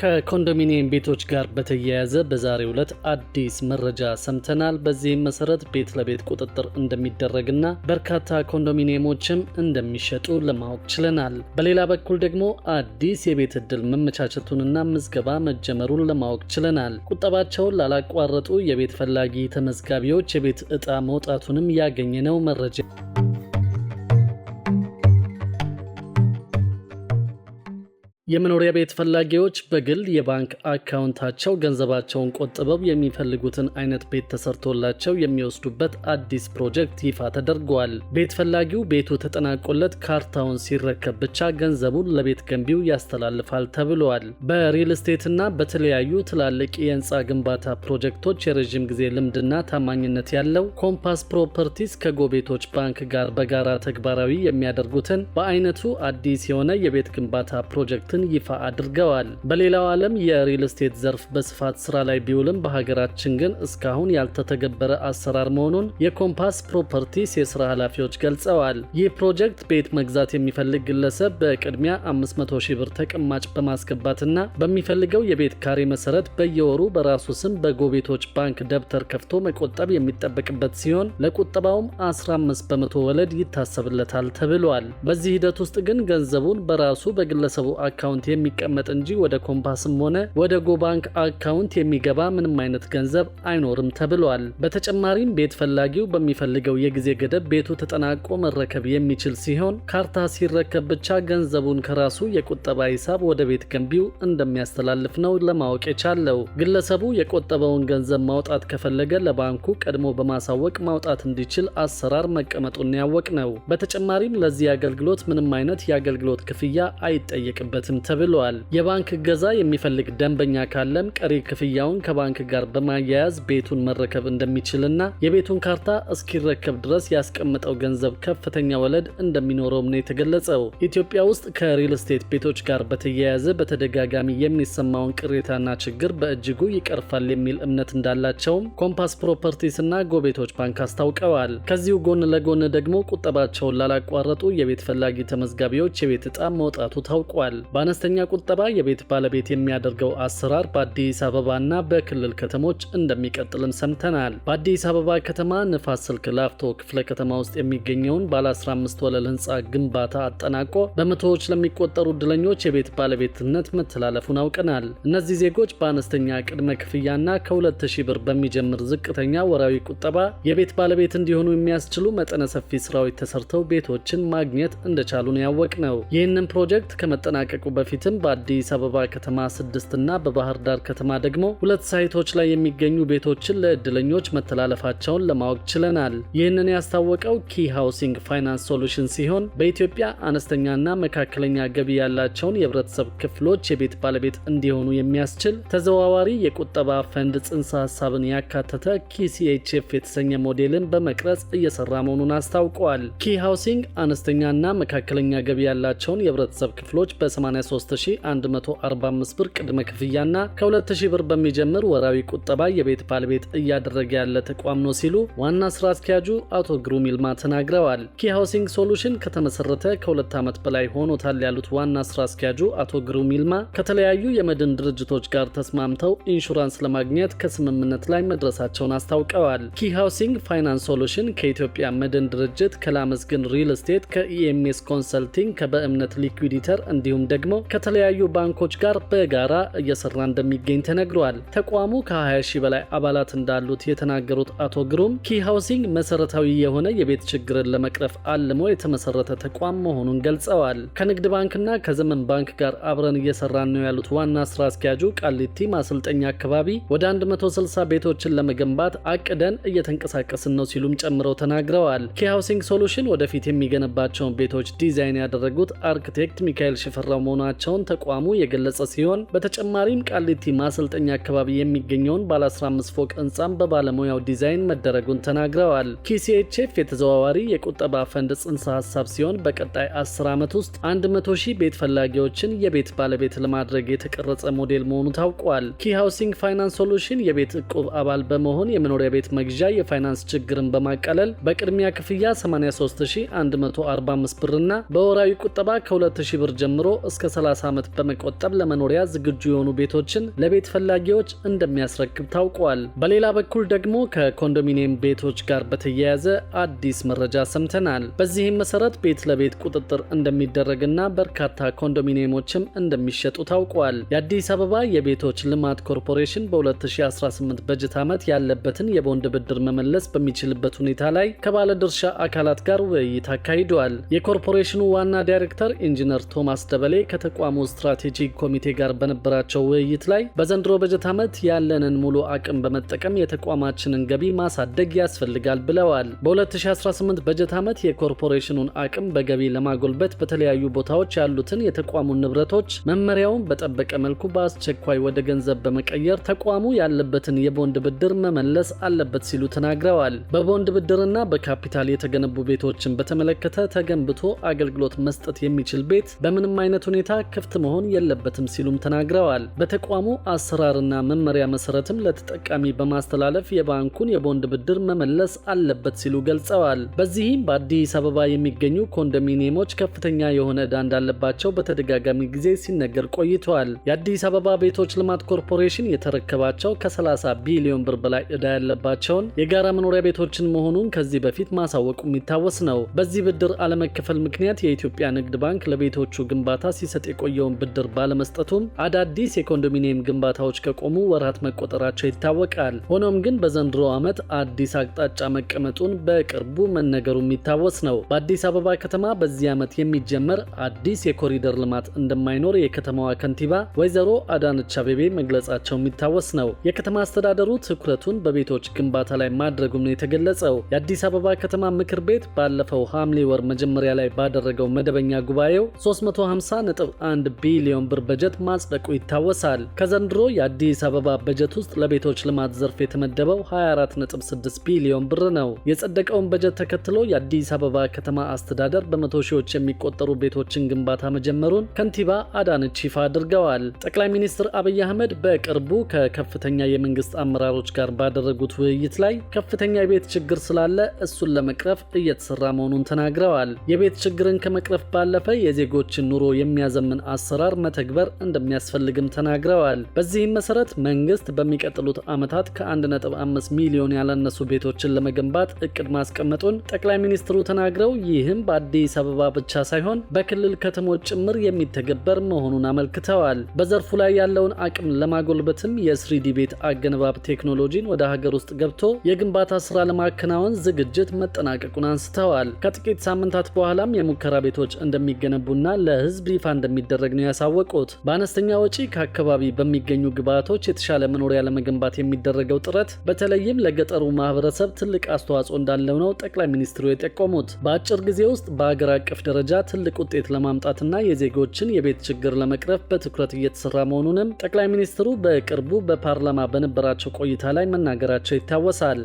ከኮንዶሚኒየም ቤቶች ጋር በተያያዘ በዛሬው ዕለት አዲስ መረጃ ሰምተናል። በዚህም መሰረት ቤት ለቤት ቁጥጥር እንደሚደረግና በርካታ ኮንዶሚኒየሞችም እንደሚሸጡ ለማወቅ ችለናል። በሌላ በኩል ደግሞ አዲስ የቤት ዕድል መመቻቸቱንና ምዝገባ መጀመሩን ለማወቅ ችለናል። ቁጠባቸውን ላላቋረጡ የቤት ፈላጊ ተመዝጋቢዎች የቤት ዕጣ መውጣቱንም ያገኘነው መረጃ የመኖሪያ ቤት ፈላጊዎች በግል የባንክ አካውንታቸው ገንዘባቸውን ቆጥበው የሚፈልጉትን አይነት ቤት ተሰርቶላቸው የሚወስዱበት አዲስ ፕሮጀክት ይፋ ተደርጓል። ቤት ፈላጊው ቤቱ ተጠናቆለት ካርታውን ሲረከብ ብቻ ገንዘቡን ለቤት ገንቢው ያስተላልፋል ተብሏል። በሪል ስቴትና በተለያዩ ትላልቅ የህንፃ ግንባታ ፕሮጀክቶች የረዥም ጊዜ ልምድና ታማኝነት ያለው ኮምፓስ ፕሮፐርቲስ ከጎቤቶች ባንክ ጋር በጋራ ተግባራዊ የሚያደርጉትን በአይነቱ አዲስ የሆነ የቤት ግንባታ ፕሮጀክት መሆናቸውን ይፋ አድርገዋል። በሌላው ዓለም የሪል ስቴት ዘርፍ በስፋት ስራ ላይ ቢውልም በሀገራችን ግን እስካሁን ያልተተገበረ አሰራር መሆኑን የኮምፓስ ፕሮፐርቲስ የስራ ኃላፊዎች ገልጸዋል። ይህ ፕሮጀክት ቤት መግዛት የሚፈልግ ግለሰብ በቅድሚያ 500 ሺህ ብር ተቀማጭ በማስገባትና በሚፈልገው የቤት ካሬ መሰረት በየወሩ በራሱ ስም በጎቤቶች ባንክ ደብተር ከፍቶ መቆጠብ የሚጠበቅበት ሲሆን ለቁጠባውም 15 በመቶ ወለድ ይታሰብለታል ተብሏል። በዚህ ሂደት ውስጥ ግን ገንዘቡን በራሱ በግለሰቡ አካውንት አካውንት የሚቀመጥ እንጂ ወደ ኮምፓስም ሆነ ወደ ጎባንክ አካውንት የሚገባ ምንም አይነት ገንዘብ አይኖርም ተብሏል። በተጨማሪም ቤት ፈላጊው በሚፈልገው የጊዜ ገደብ ቤቱ ተጠናቆ መረከብ የሚችል ሲሆን ካርታ ሲረከብ ብቻ ገንዘቡን ከራሱ የቁጠባ ሂሳብ ወደ ቤት ገንቢው እንደሚያስተላልፍ ነው ለማወቅ የቻለው። ግለሰቡ የቆጠበውን ገንዘብ ማውጣት ከፈለገ ለባንኩ ቀድሞ በማሳወቅ ማውጣት እንዲችል አሰራር መቀመጡን ያወቅ ነው። በተጨማሪም ለዚህ አገልግሎት ምንም አይነት የአገልግሎት ክፍያ አይጠየቅበትም አይደርስም ተብሏል። የባንክ እገዛ የሚፈልግ ደንበኛ ካለም ቀሪ ክፍያውን ከባንክ ጋር በማያያዝ ቤቱን መረከብ እንደሚችልና የቤቱን ካርታ እስኪረከብ ድረስ ያስቀመጠው ገንዘብ ከፍተኛ ወለድ እንደሚኖረውም ነው የተገለጸው። ኢትዮጵያ ውስጥ ከሪል ስቴት ቤቶች ጋር በተያያዘ በተደጋጋሚ የሚሰማውን ቅሬታና ችግር በእጅጉ ይቀርፋል የሚል እምነት እንዳላቸውም ኮምፓስ ፕሮፐርቲስ እና ጎቤቶች ባንክ አስታውቀዋል። ከዚሁ ጎን ለጎን ደግሞ ቁጠባቸውን ላላቋረጡ የቤት ፈላጊ ተመዝጋቢዎች የቤት ዕጣ መውጣቱ ታውቋል። አነስተኛ ቁጠባ የቤት ባለቤት የሚያደርገው አሰራር በአዲስ አበባና በክልል ከተሞች እንደሚቀጥልም ሰምተናል። በአዲስ አበባ ከተማ ንፋስ ስልክ ላፍቶ ክፍለ ከተማ ውስጥ የሚገኘውን ባለ 15 ወለል ህንፃ ግንባታ አጠናቆ በመቶዎች ለሚቆጠሩ እድለኞች የቤት ባለቤትነት መተላለፉን አውቀናል። እነዚህ ዜጎች በአነስተኛ ቅድመ ክፍያና ከ2000 ብር በሚጀምር ዝቅተኛ ወራዊ ቁጠባ የቤት ባለቤት እንዲሆኑ የሚያስችሉ መጠነ ሰፊ ስራዎች ተሰርተው ቤቶችን ማግኘት እንደቻሉን ያወቅ ነው። ይህንን ፕሮጀክት ከመጠናቀቁ በፊትም በአዲስ አበባ ከተማ ስድስት እና በባህር ዳር ከተማ ደግሞ ሁለት ሳይቶች ላይ የሚገኙ ቤቶችን ለእድለኞች መተላለፋቸውን ለማወቅ ችለናል። ይህንን ያስታወቀው ኪ ሃውሲንግ ፋይናንስ ሶሉሽን ሲሆን በኢትዮጵያ አነስተኛና መካከለኛ ገቢ ያላቸውን የህብረተሰብ ክፍሎች የቤት ባለቤት እንዲሆኑ የሚያስችል ተዘዋዋሪ የቁጠባ ፈንድ ጽንሰ ሀሳብን ያካተተ ኪሲኤችኤፍ የተሰኘ ሞዴልን በመቅረጽ እየሰራ መሆኑን አስታውቋል። ኪ ሃውሲንግ አነስተኛና መካከለኛ ገቢ ያላቸውን የህብረተሰብ ክፍሎች በ 83 23145 ብር ቅድመ ክፍያና ከ2000 ብር በሚጀምር ወራዊ ቁጠባ የቤት ባለቤት እያደረገ ያለ ተቋም ነው ሲሉ ዋና ስራ አስኪያጁ አቶ ግሩም ይልማ ተናግረዋል። ኪ ሃውሲንግ ሶሉሽን ከተመሰረተ ከሁለት ዓመት በላይ ሆኖታል ያሉት ዋና ስራ አስኪያጁ አቶ ግሩም ይልማ ከተለያዩ የመድን ድርጅቶች ጋር ተስማምተው ኢንሹራንስ ለማግኘት ከስምምነት ላይ መድረሳቸውን አስታውቀዋል። ኪ ሃውሲንግ ፋይናንስ ሶሉሽን ከኢትዮጵያ መድን ድርጅት፣ ከላመስግን ሪል ስቴት፣ ከኢኤምኤስ ኮንሰልቲንግ፣ ከበእምነት ሊኩዲተር እንዲሁም ደግሞ ደግሞ ከተለያዩ ባንኮች ጋር በጋራ እየሰራ እንደሚገኝ ተነግሯል። ተቋሙ ከ20 ሺህ በላይ አባላት እንዳሉት የተናገሩት አቶ ግሩም ኪ ሃውሲንግ መሰረታዊ የሆነ የቤት ችግርን ለመቅረፍ አልሞ የተመሰረተ ተቋም መሆኑን ገልጸዋል። ከንግድ ባንክና ከዘመን ባንክ ጋር አብረን እየሰራን ነው ያሉት ዋና ስራ አስኪያጁ ቃሊቲ ማሰልጠኛ አካባቢ ወደ 160 ቤቶችን ለመገንባት አቅደን እየተንቀሳቀስን ነው ሲሉም ጨምረው ተናግረዋል። ኪ ሃውሲንግ ሶሉሽን ወደፊት የሚገነባቸውን ቤቶች ዲዛይን ያደረጉት አርክቴክት ሚካኤል ሽፈራው መሆናቸውን ተቋሙ የገለጸ ሲሆን በተጨማሪም ቃሊቲ ማሰልጠኛ አካባቢ የሚገኘውን ባለ 15 ፎቅ ህንፃም በባለሙያው ዲዛይን መደረጉን ተናግረዋል። ኪሲኤችኤፍ የተዘዋዋሪ የቁጠባ ፈንድ ጽንሰ ሀሳብ ሲሆን በቀጣይ 10 ዓመት ውስጥ 100 ሺህ ቤት ፈላጊዎችን የቤት ባለቤት ለማድረግ የተቀረጸ ሞዴል መሆኑ ታውቋል። ኪ ሃውሲንግ ፋይናንስ ሶሉሽን የቤት እቁብ አባል በመሆን የመኖሪያ ቤት መግዣ የፋይናንስ ችግርን በማቃለል በቅድሚያ ክፍያ 83145 ብርና በወራዊ ቁጠባ ከ2000 ብር ጀምሮ እስከ እስከ 30 ዓመት በመቆጠብ ለመኖሪያ ዝግጁ የሆኑ ቤቶችን ለቤት ፈላጊዎች እንደሚያስረክብ ታውቋል። በሌላ በኩል ደግሞ ከኮንዶሚኒየም ቤቶች ጋር በተያያዘ አዲስ መረጃ ሰምተናል። በዚህም መሰረት ቤት ለቤት ቁጥጥር እንደሚደረግና በርካታ ኮንዶሚኒየሞችም እንደሚሸጡ ታውቋል። የአዲስ አበባ የቤቶች ልማት ኮርፖሬሽን በ2018 በጀት ዓመት ያለበትን የቦንድ ብድር መመለስ በሚችልበት ሁኔታ ላይ ከባለድርሻ አካላት ጋር ውይይት አካሂደዋል። የኮርፖሬሽኑ ዋና ዳይሬክተር ኢንጂነር ቶማስ ደበሌ ከተቋሙ ስትራቴጂክ ኮሚቴ ጋር በነበራቸው ውይይት ላይ በዘንድሮ በጀት ዓመት ያለንን ሙሉ አቅም በመጠቀም የተቋማችንን ገቢ ማሳደግ ያስፈልጋል ብለዋል። በ2018 በጀት ዓመት የኮርፖሬሽኑን አቅም በገቢ ለማጎልበት በተለያዩ ቦታዎች ያሉትን የተቋሙን ንብረቶች መመሪያውን በጠበቀ መልኩ በአስቸኳይ ወደ ገንዘብ በመቀየር ተቋሙ ያለበትን የቦንድ ብድር መመለስ አለበት ሲሉ ተናግረዋል። በቦንድ ብድርና በካፒታል የተገነቡ ቤቶችን በተመለከተ ተገንብቶ አገልግሎት መስጠት የሚችል ቤት በምንም አይነት ሁኔታ ሁኔታ ክፍት መሆን የለበትም ሲሉም ተናግረዋል። በተቋሙ አሰራርና መመሪያ መሰረትም ለተጠቃሚ በማስተላለፍ የባንኩን የቦንድ ብድር መመለስ አለበት ሲሉ ገልጸዋል። በዚህም በአዲስ አበባ የሚገኙ ኮንዶሚኒየሞች ከፍተኛ የሆነ ዕዳ እንዳለባቸው በተደጋጋሚ ጊዜ ሲነገር ቆይተዋል። የአዲስ አበባ ቤቶች ልማት ኮርፖሬሽን የተረከባቸው ከ30 ቢሊዮን ብር በላይ ዕዳ ያለባቸውን የጋራ መኖሪያ ቤቶችን መሆኑን ከዚህ በፊት ማሳወቁ የሚታወስ ነው። በዚህ ብድር አለመከፈል ምክንያት የኢትዮጵያ ንግድ ባንክ ለቤቶቹ ግንባታ ሲሰ ሲሰጥ የቆየውን ብድር ባለመስጠቱም አዳዲስ የኮንዶሚኒየም ግንባታዎች ከቆሙ ወራት መቆጠራቸው ይታወቃል። ሆኖም ግን በዘንድሮ ዓመት አዲስ አቅጣጫ መቀመጡን በቅርቡ መነገሩ የሚታወስ ነው። በአዲስ አበባ ከተማ በዚህ ዓመት የሚጀመር አዲስ የኮሪደር ልማት እንደማይኖር የከተማዋ ከንቲባ ወይዘሮ አዳነች አቤቤ መግለጻቸው የሚታወስ ነው። የከተማ አስተዳደሩ ትኩረቱን በቤቶች ግንባታ ላይ ማድረጉም ነው የተገለጸው። የአዲስ አበባ ከተማ ምክር ቤት ባለፈው ሐምሌ ወር መጀመሪያ ላይ ባደረገው መደበኛ ጉባኤው 350 1 ቢሊዮን ብር በጀት ማጽደቁ ይታወሳል። ከዘንድሮ የአዲስ አበባ በጀት ውስጥ ለቤቶች ልማት ዘርፍ የተመደበው 246 ቢሊዮን ብር ነው። የጸደቀውን በጀት ተከትሎ የአዲስ አበባ ከተማ አስተዳደር በመቶ ሺዎች የሚቆጠሩ ቤቶችን ግንባታ መጀመሩን ከንቲባ አዳነች ይፋ አድርገዋል። ጠቅላይ ሚኒስትር አብይ አህመድ በቅርቡ ከከፍተኛ የመንግስት አመራሮች ጋር ባደረጉት ውይይት ላይ ከፍተኛ የቤት ችግር ስላለ እሱን ለመቅረፍ እየተሰራ መሆኑን ተናግረዋል። የቤት ችግርን ከመቅረፍ ባለፈ የዜጎችን ኑሮ የሚያዘ የሚያዘምን አሰራር መተግበር እንደሚያስፈልግም ተናግረዋል። በዚህም መሰረት መንግስት በሚቀጥሉት ዓመታት ከ1.5 ሚሊዮን ያላነሱ ቤቶችን ለመገንባት እቅድ ማስቀመጡን ጠቅላይ ሚኒስትሩ ተናግረው ይህም በአዲስ አበባ ብቻ ሳይሆን በክልል ከተሞች ጭምር የሚተገበር መሆኑን አመልክተዋል። በዘርፉ ላይ ያለውን አቅም ለማጎልበትም የስሪዲ ቤት አገነባብ ቴክኖሎጂን ወደ ሀገር ውስጥ ገብቶ የግንባታ ስራ ለማከናወን ዝግጅት መጠናቀቁን አንስተዋል። ከጥቂት ሳምንታት በኋላም የሙከራ ቤቶች እንደሚገነቡና ለህዝብ ይፋ እንደሚደረግ ነው ያሳወቁት። በአነስተኛ ወጪ ከአካባቢ በሚገኙ ግብዓቶች የተሻለ መኖሪያ ለመገንባት የሚደረገው ጥረት በተለይም ለገጠሩ ማህበረሰብ ትልቅ አስተዋጽኦ እንዳለው ነው ጠቅላይ ሚኒስትሩ የጠቆሙት። በአጭር ጊዜ ውስጥ በሀገር አቀፍ ደረጃ ትልቅ ውጤት ለማምጣትና የዜጎችን የቤት ችግር ለመቅረፍ በትኩረት እየተሰራ መሆኑንም ጠቅላይ ሚኒስትሩ በቅርቡ በፓርላማ በነበራቸው ቆይታ ላይ መናገራቸው ይታወሳል።